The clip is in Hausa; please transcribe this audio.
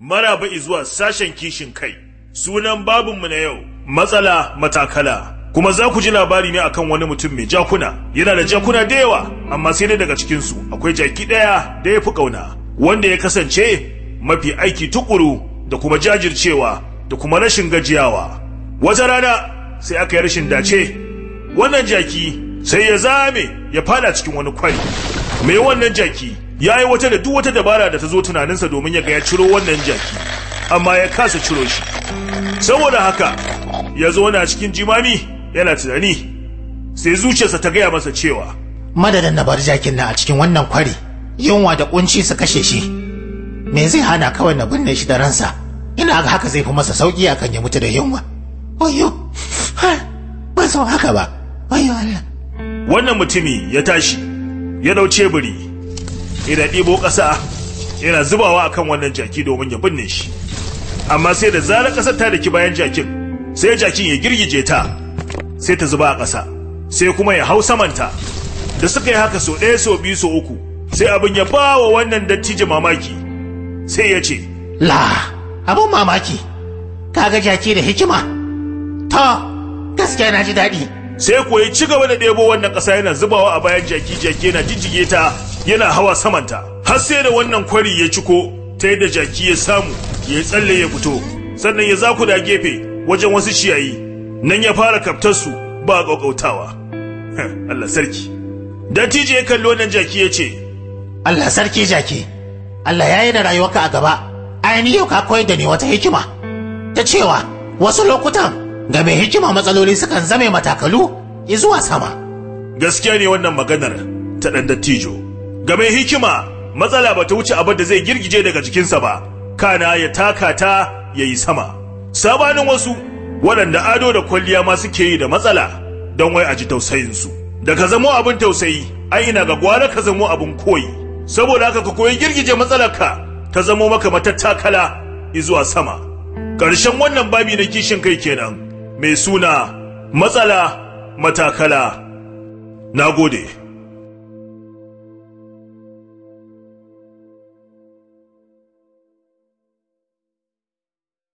maraba zuwa sashen kishin kai sunan babinmu na yau matsala matakala kuma za ku ji labari ne akan wani mutum mai jakuna yana da jakuna da yawa amma sai dai daga cikinsu akwai jaki ɗaya da ya fi ƙauna wanda ya kasance mafi aiki tukuru da kuma jajircewa da kuma rashin gajiyawa wata rana sai aka yi rashin dace wannan jaki sai ya zame ya fada cikin wani kwari Me wannan jaki ya yi wata da duk wata dabara da ta zo tunaninsa domin ya ga ya ciro wannan jaki amma ya kasa ciro shi saboda haka ya zo na cikin jimami yana tunani sai zuciyarsa ta gaya masa cewa madadin na bar jakin na a cikin wannan kwari yunwa da kunci su kashe shi me zai hana kawai na binne shi da ransa ina ga haka zai fi masa sauki akan ya mutu da yunwa oyo ba haka ba oyo Allah wannan mutumi ya tashi ya dauce buri yana ɗibo ƙasa yana zubawa a kan wannan jaki domin ya binne shi amma sai da zarar ƙasar ta daki bayan jakin sai jakin ya girgije ta sai ta zuba a ƙasa sai kuma ya hau samanta da suka yi haka so ɗaya so biyu so uku sai abin ya ba wa wannan dattijo mamaki sai ya ce la abin mamaki kaga jaki da hikima ta gaskiya na ji daɗi sai kuwa ya ci gaba da ɗebo wannan ƙasa yana zubawa a bayan jaki jaki yana jijjige ta yana hawa samanta har sai da wannan kwari ya ciko ta yadda jaki ya samu ya tsalle ya fito sannan ya zaku da gefe wajen wasu ciyayi nan ya fara kaftarsu ba ƙauƙautawa Allah sarki dattijo ya kalli wannan jaki ya ce Allah sarki jaki Allah ya yi da rayuwarka a gaba ainihin yau ka koyar da ni wata hikima ta cewa wasu lokutan ga mai hikima matsaloli sukan zame matakalu zuwa sama gaskiya ne wannan maganar ta ɗan dattijo ga mai hikima matsala ba ta wuce abin da zai girgije daga jikinsa ba kana ya taka ta ya yi sama sabanin wasu waɗanda ado da kwalliya ma suke yi da matsala don wai a ji tausayinsu da ka zamo abin tausayi ai ina ga gwara ka zamo abin koyi saboda haka ka koyi girgije matsalarka ta zamo maka matattakala izuwa sama ƙarshen wannan babi na kishin kai kenan mai suna matsala matakala na gode